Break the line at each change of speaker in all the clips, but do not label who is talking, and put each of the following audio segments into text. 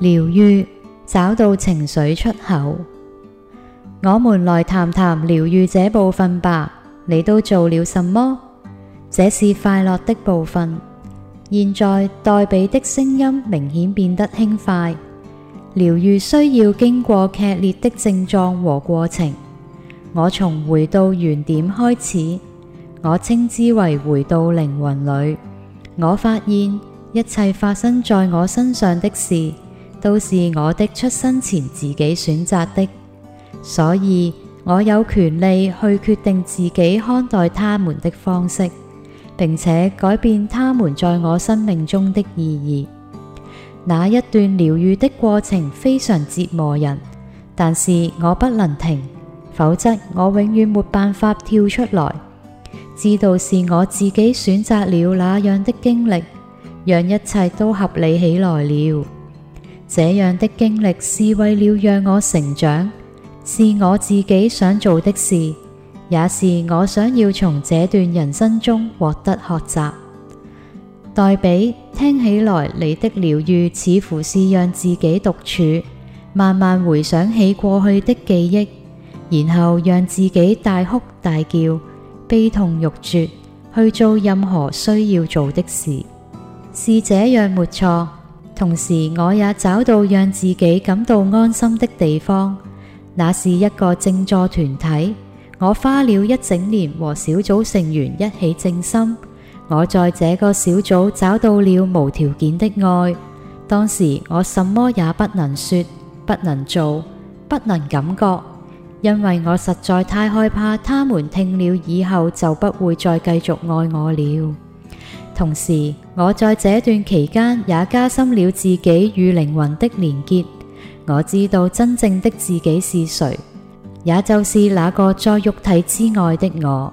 療癒，找到情緒出口。我們來談談療癒這部分吧。你都做了什麼？這是快樂的部分。現在代比的聲音明顯變得輕快。療癒需要經過劇烈的症狀和過程。我從回到原點開始，我稱之為回到靈魂裏。我發現一切發生在我身上的事。都是我的出生前自己選擇的，所以我有權利去決定自己看待他們的方式，並且改變他們在我生命中的意義。那一段療愈的過程非常折磨人，但是我不能停，否則我永遠沒辦法跳出來。知道是我自己選擇了那樣的經歷，讓一切都合理起來了。這樣的經歷是為了讓我成長，是我自己想做的事，也是我想要從這段人生中獲得學習。代比，聽起來你的療癒似乎是讓自己獨處，慢慢回想起過去的記憶，然後讓自己大哭大叫、悲痛欲絕，去做任何需要做的事。是這樣沒錯。同時，我也找到讓自己感到安心的地方，那是一個靜坐團體。我花了一整年和小組成員一起靜心，我在這個小組找到了無條件的愛。當時我什麼也不能說、不能做、不能感覺，因為我實在太害怕他們聽了以後就不會再繼續愛我了。同時。我在這段期間也加深了自己與靈魂的連結，我知道真正的自己是誰，也就是那個在肉體之外的我。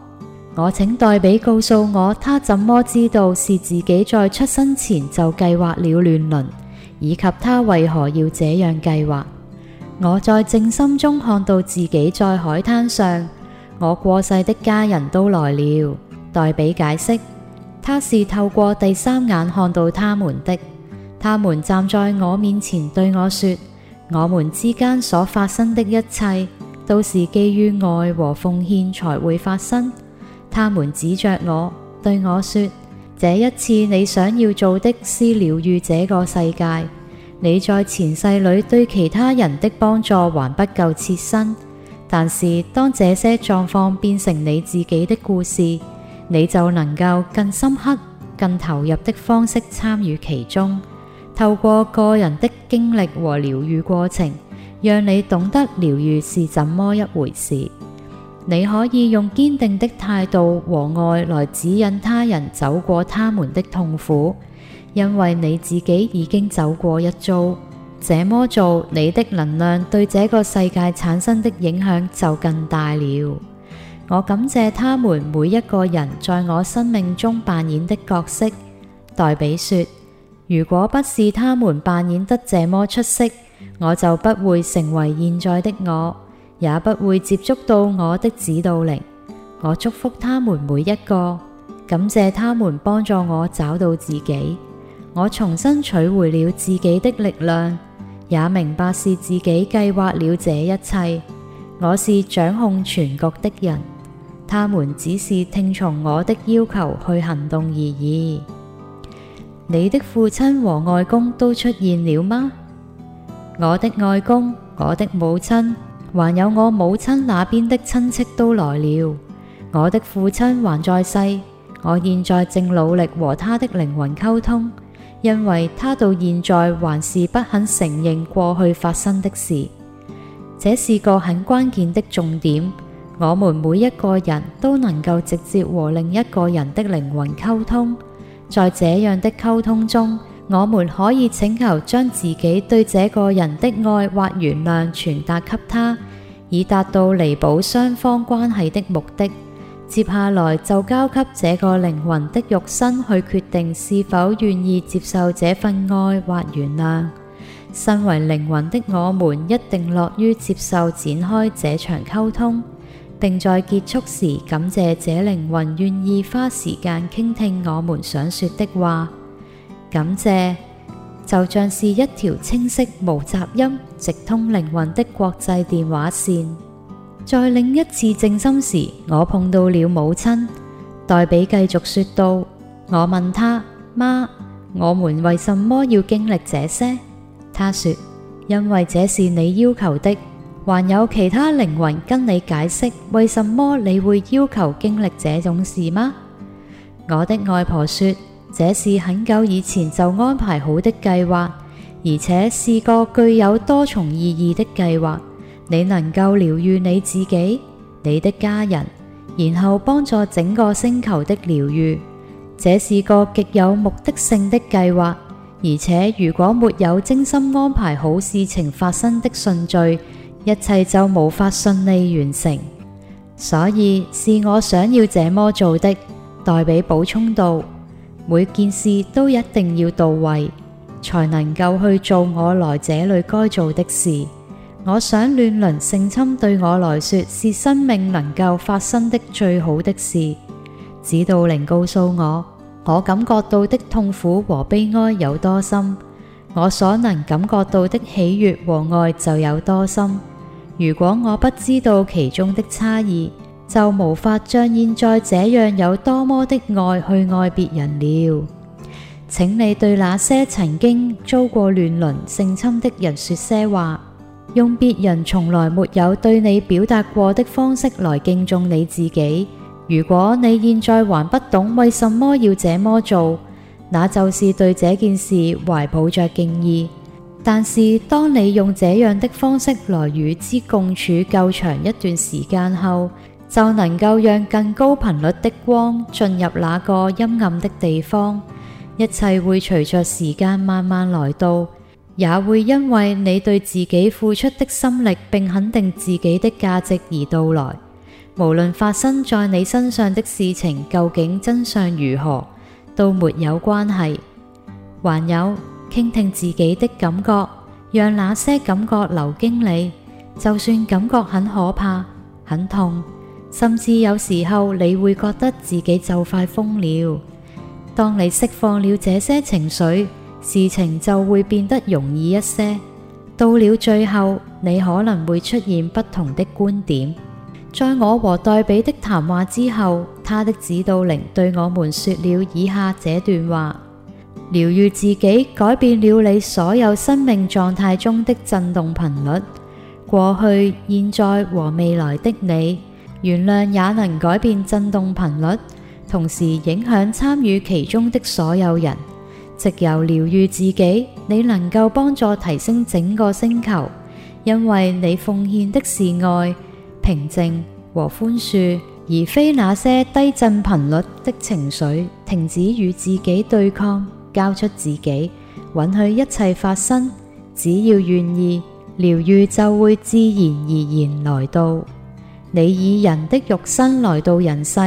我請代比告訴我，他怎麼知道是自己在出生前就計劃了亂倫，以及他為何要這樣計劃。我在靜心中看到自己在海灘上，我過世的家人都來了。代比解釋。他是透過第三眼看到他們的，他們站在我面前對我說，我們之間所發生的一切都是基於愛和奉獻才會發生。他們指着我對我說，這一次你想要做的，是療癒這個世界。你在前世裏對其他人的幫助還不夠切身，但是當這些狀況變成你自己的故事。你就能夠更深刻、更投入的方式參與其中，透過個人的經歷和療愈過程，讓你懂得療愈是怎麼一回事。你可以用堅定的態度和愛來指引他人走過他們的痛苦，因為你自己已經走過一遭。這麼做，你的能量對這個世界產生的影響就更大了。我感謝他們每一個人在我生命中扮演的角色。代比說：如果不是他們扮演得這麼出色，我就不會成為現在的我，也不會接觸到我的指導靈。我祝福他們每一個，感謝他們幫助我找到自己。我重新取回了自己的力量，也明白是自己計劃了這一切。我是掌控全局的人。他們只是聽從我的要求去行動而已。你的父親和外公都出現了嗎？我的外公、我的母親，還有我母親那邊的親戚都來了。我的父親還在世，我現在正努力和他的靈魂溝通，因為他到現在還是不肯承認過去發生的事。這是個很關鍵的重點。我們每一個人都能夠直接和另一個人的靈魂溝通，在這樣的溝通中，我們可以請求將自己對這個人的愛或原諒傳達給他，以達到彌補雙方關係的目的。接下來就交給這個靈魂的肉身去決定是否願意接受這份愛或原諒。身為靈魂的我們，一定樂於接受展開這場溝通。並在結束時，感謝這靈魂願意花時間傾聽我們想說的話。感謝，就像是一條清晰無雜音、直通靈魂的國際電話線。在另一次靜心時，我碰到了母親，黛比繼續說道：我問她：「媽，我們為什麼要經歷這些？她說：因為這是你要求的。還有其他靈魂跟你解釋為什麼你會要求經歷這種事嗎？我的外婆說，這是很久以前就安排好的計劃，而且是個具有多重意義的計劃。你能夠療愈你自己、你的家人，然後幫助整個星球的療愈，這是個極有目的性的計劃。而且，如果沒有精心安排好事情發生的順序，一切就無法順利完成，所以是我想要這麼做的。代比補充道：每件事都一定要到位，才能夠去做我來這裏該做的事。我想亂倫性侵對我來說是生命能夠發生的最好的事。指導靈告訴我，我感覺到的痛苦和悲哀有多深，我所能感覺到的喜悅和愛就有多深。如果我不知道其中的差異，就無法像現在這樣有多麼的愛去愛別人了。請你對那些曾經遭過亂倫性侵的人說些話，用別人從來沒有對你表達過的方式來敬重你自己。如果你現在還不懂為什麼要這麼做，那就是對這件事懷抱著敬意。但是，當你用這樣的方式來與之共處夠長一段時間後，就能夠讓更高頻率的光進入那個陰暗的地方。一切會隨着時間慢慢來到，也會因為你對自己付出的心力，並肯定自己的價值而到來。無論發生在你身上的事情究竟真相如何，都沒有關係。還有。傾聽自己的感覺，讓那些感覺流經你。就算感覺很可怕、很痛，甚至有時候你會覺得自己就快瘋了。當你釋放了這些情緒，事情就會變得容易一些。到了最後，你可能會出現不同的觀點。在我和黛比的談話之後，他的指導靈對我們說了以下這段話。療愈自己改變了你所有生命狀態中的震動頻率，過去、現在和未來的你，原諒也能改變震動頻率，同時影響參與其中的所有人。藉由療愈自己，你能夠幫助提升整個星球，因為你奉獻的是愛、平靜和寬恕，而非那些低震頻率的情緒。停止與自己對抗。交出自己，允許一切發生。只要願意，療癒就會自然而然來到。你以人的肉身來到人世，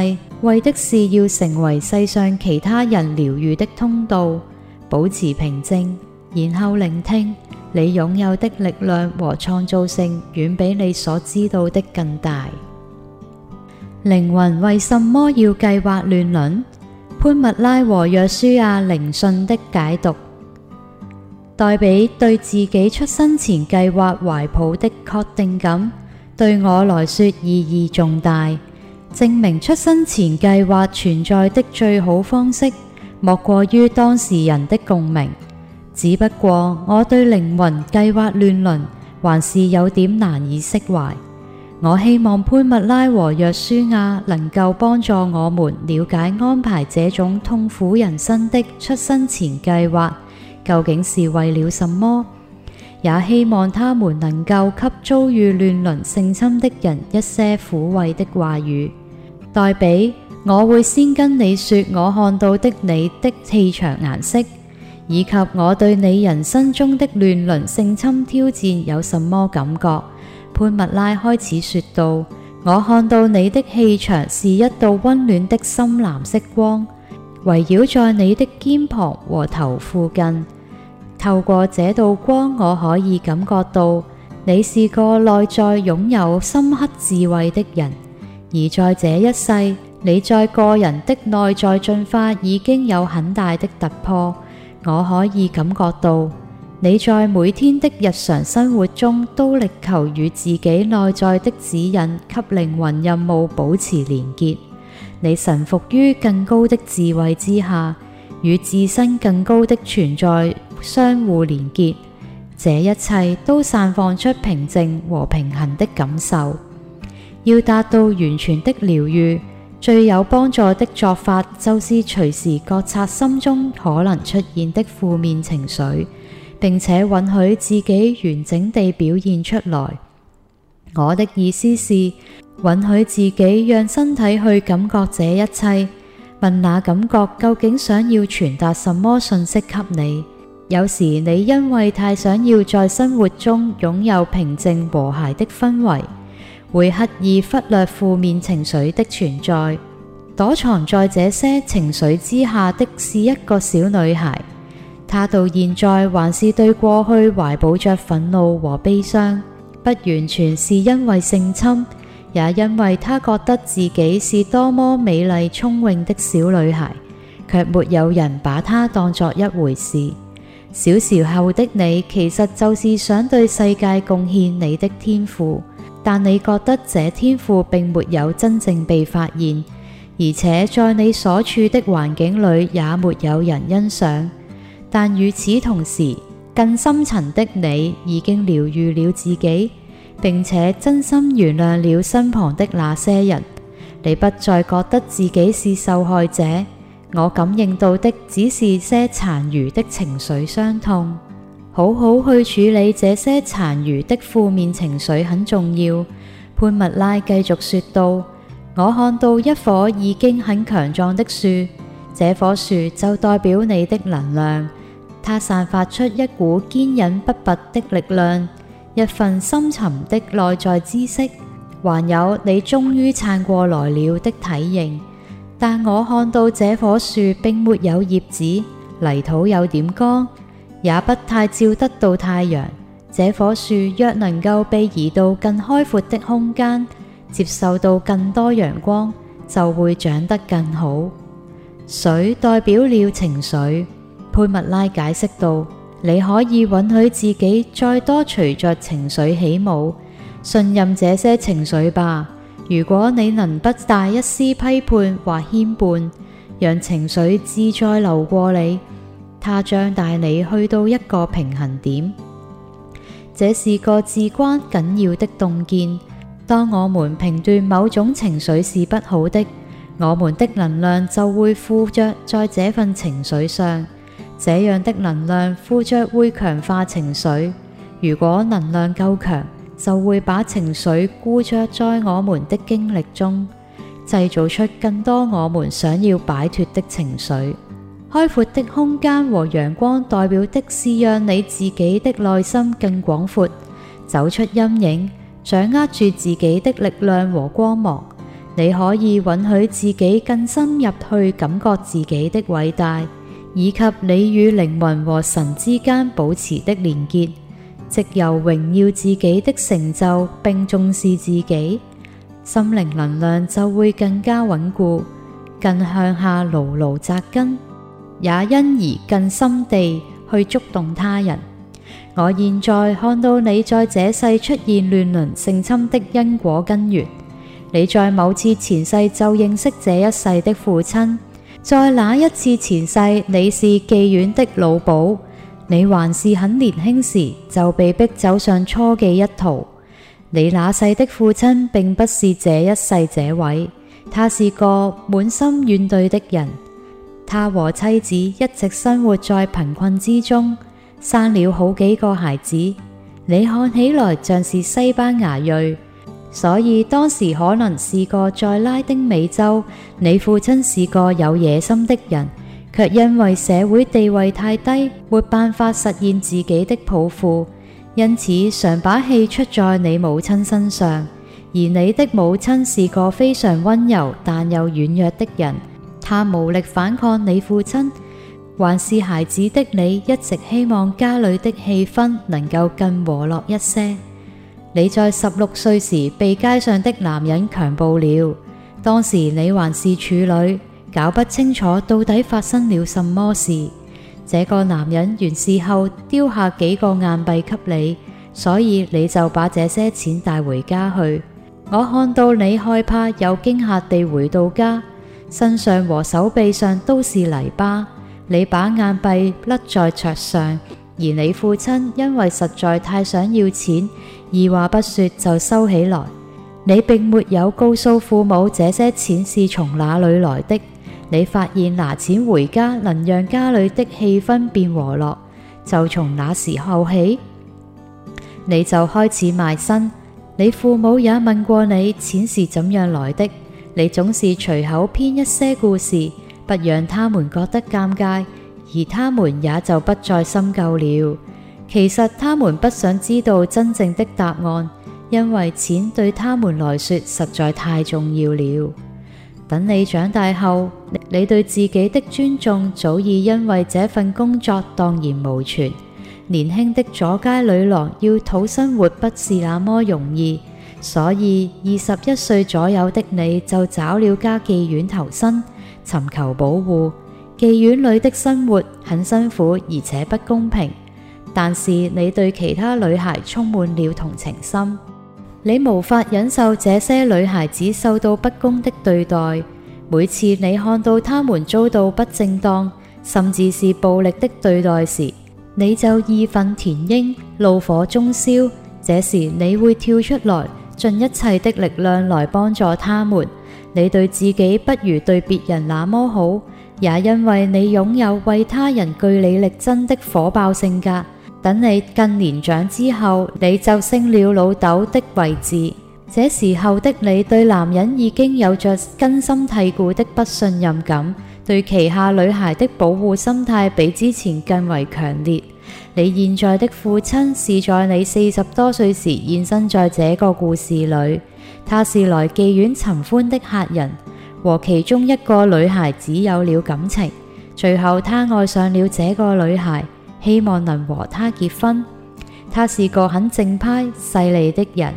為的是要成為世上其他人療癒的通道。保持平靜，然後聆聽。你擁有的力量和創造性遠比你所知道的更大。靈魂為什麼要計劃亂倫？潘蜜拉和約書亞靈訊的解讀，代表對自己出生前計劃懷抱的確定感，對我來說意義重大。證明出生前計劃存在的最好方式，莫過於當事人的共鳴。只不過我對靈魂計劃亂倫，還是有點難以釋懷。我希望潘蜜拉和約書亞能夠幫助我們了解安排這種痛苦人生的出生前計劃究竟是為了什麼，也希望他們能夠給遭遇亂倫性侵的人一些撫慰的話語。代比，我會先跟你說我看到的你的氣場顏色，以及我對你人生中的亂倫性侵挑戰有什麼感覺。潘蜜拉開始說道：我看到你的氣場是一道溫暖的深藍色光，圍繞在你的肩膀和頭附近。透過這道光，我可以感覺到你是個內在擁有深刻智慧的人。而在這一世，你在個人的內在進化已經有很大的突破。我可以感覺到。你在每天的日常生活中都力求與自己內在的指引及靈魂任務保持連結。你臣服於更高的智慧之下，與自身更高的存在相互連結。這一切都散發出平靜和平衡的感受。要達到完全的療癒，最有幫助的做法就是隨時覺察心中可能出現的負面情緒。並且允許自己完整地表現出來。我的意思是，允許自己讓身體去感覺這一切，問那感覺究竟想要傳達什麼信息給你。有時你因為太想要在生活中擁有平靜和諧的氛圍，會刻意忽略負面情緒的存在。躲藏在這些情緒之下的是一個小女孩。她到現在還是對過去懷抱着憤怒和悲傷，不完全是因為性侵，也因為她覺得自己是多麼美麗聰穎的小女孩，卻沒有人把她當作一回事。小時候的你其實就是想對世界貢獻你的天賦，但你覺得這天賦並沒有真正被發現，而且在你所處的環境裏也沒有人欣賞。但與此同時，更深層的你已經療癒了自己，並且真心原諒了身旁的那些人。你不再覺得自己是受害者。我感應到的只是些殘餘的情緒傷痛。好好去處理這些殘餘的負面情緒很重要。潘蜜拉繼續說道：我看到一棵已經很強壯的樹，這棵樹就代表你的能量。它散發出一股堅忍不拔的力量，一份深沉的內在知識，還有你終於撐過來了的體型。但我看到這棵樹並沒有葉子，泥土有點乾，也不太照得到太陽。這棵樹若能夠被移到更開闊的空間，接受到更多陽光，就會長得更好。水代表了情緒。潘蜜拉解釋道：你可以允許自己再多隨着情緒起舞，信任這些情緒吧。如果你能不帶一絲批判或牽絆，讓情緒自在流過你，它將帶你去到一個平衡點。這是個至關緊要的洞見。當我們評斷某種情緒是不好的，我們的能量就會附著在這份情緒上。這樣的能量附著會強化情緒，如果能量夠強，就會把情緒固着在我們的經歷中，製造出更多我們想要擺脫的情緒。開闊的空間和陽光代表的是讓你自己的內心更廣闊，走出陰影，掌握住自己的力量和光芒。你可以允許自己更深入去感覺自己的偉大。以及你與靈魂和神之間保持的連結，藉由榮耀自己的成就並重視自己，心靈能量就會更加穩固，更向下牢牢扎根，也因而更深地去觸動他人。我現在看到你在這世出現亂倫性侵的因果根源，你在某次前世就認識這一世的父親。在那一次前世，你是妓院的老鴇，你還是很年輕時就被逼走上初妓一途。你那世的父親並不是這一世這位，他是個滿心怨懟的人。他和妻子一直生活在貧困之中，生了好幾個孩子。你看起來像是西班牙裔。所以當時可能是個在拉丁美洲，你父親是個有野心的人，卻因為社會地位太低，沒辦法實現自己的抱負，因此常把氣出在你母親身上。而你的母親是個非常溫柔但又軟弱的人，她無力反抗你父親，還是孩子的你一直希望家裏的氣氛能夠更和樂一些。你在十六歲時被街上的男人強暴了，當時你還是處女，搞不清楚到底發生了什麼事。這個男人完事後丟下幾個硬幣給你，所以你就把這些錢帶回家去。我看到你害怕又驚嚇地回到家，身上和手臂上都是泥巴。你把硬幣甩在桌上，而你父親因為實在太想要錢。二話不說就收起來，你並沒有告訴父母這些錢是從哪裏來的。你發現拿錢回家能讓家裏的氣氛變和樂，就從那時候起，你就開始賣身。你父母也問過你錢是怎樣來的，你總是隨口編一些故事，不讓他們覺得尷尬，而他們也就不再深究了。其實他們不想知道真正的答案，因為錢對他們來說實在太重要了。等你長大後，你對自己的尊重早已因為這份工作蕩然無存。年輕的左街女郎要討生活不是那麼容易，所以二十一歲左右的你就找了家妓院投身，尋求保護。妓院裏的生活很辛苦，而且不公平。但是你對其他女孩充滿了同情心，你無法忍受這些女孩子受到不公的對待。每次你看到她們遭到不正當，甚至是暴力的對待時，你就義憤填膺、怒火中燒。這時你會跳出來，盡一切的力量來幫助她們。你對自己不如對別人那麼好，也因為你擁有為他人據理力爭的火爆性格。等你更年長之後，你就升了老豆的位置。這時候的你對男人已經有着根深蒂固的不信任感，對旗下女孩的保護心態比之前更為強烈。你現在的父親是在你四十多歲時現身在這個故事裏，他是來妓院尋歡的客人，和其中一個女孩子有了感情，最後他愛上了這個女孩。希望能和他結婚。他是個很正派、勢利的人，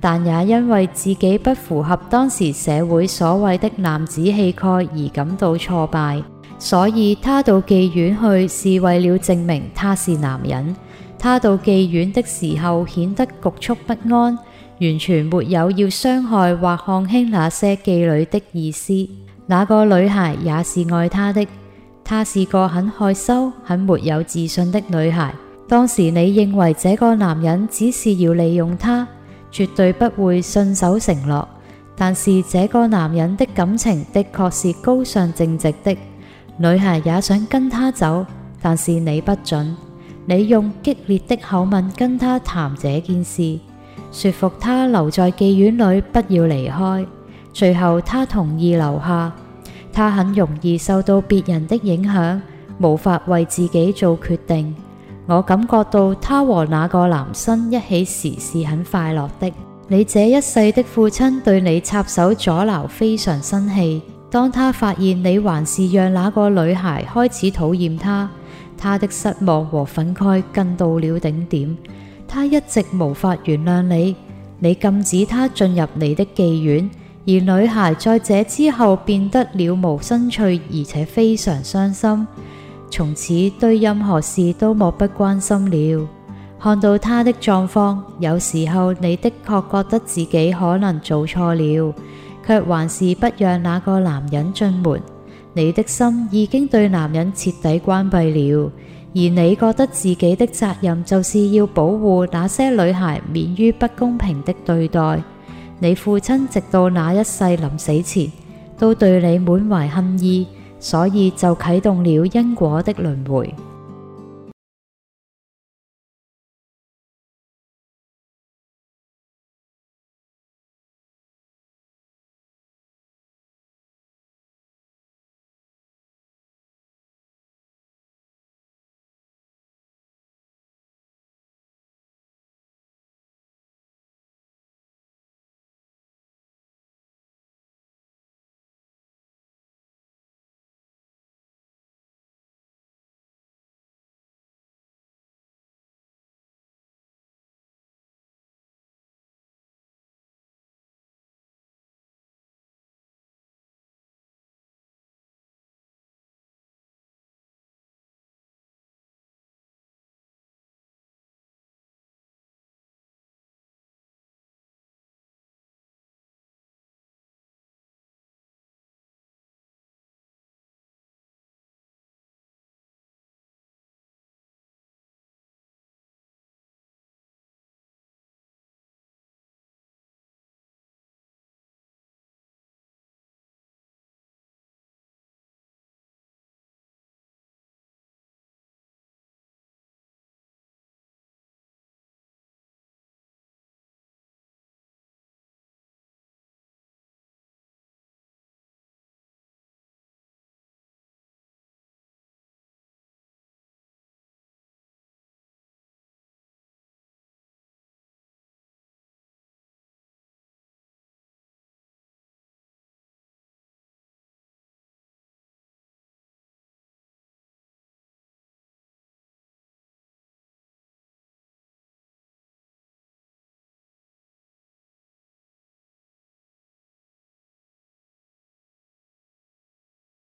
但也因為自己不符合當時社會所謂的男子氣概而感到挫敗，所以他到妓院去是為了證明他是男人。他到妓院的時候顯得局促不安，完全沒有要傷害或看輕那些妓女的意思。那個女孩也是愛他的。她是個很害羞、很沒有自信的女孩。當時你認為這個男人只是要利用她，絕對不會信守承諾。但是這個男人的感情的確是高尚正直的。女孩也想跟他走，但是你不准。你用激烈的口吻跟他談這件事，說服他留在妓院裏，不要離開。最後他同意留下。他很容易受到別人的影響，無法為自己做決定。我感覺到他和那個男生一起時是很快樂的。你這一世的父親對你插手阻撓非常生氣，當他發現你還是讓那個女孩開始討厭他，他的失望和憤慨更到了頂點。他一直無法原諒你，你禁止他進入你的妓院。而女孩在這之後變得了無生趣，而且非常傷心，從此對任何事都漠不關心了。看到她的狀況，有時候你的確覺得自己可能做錯了，卻還是不讓那個男人進門。你的心已經對男人徹底關閉了，而你覺得自己的責任就是要保護那些女孩免於不公平的對待。你父親直到那一世臨死前，都對你滿懷恨意，所以就啟動了因果的輪迴。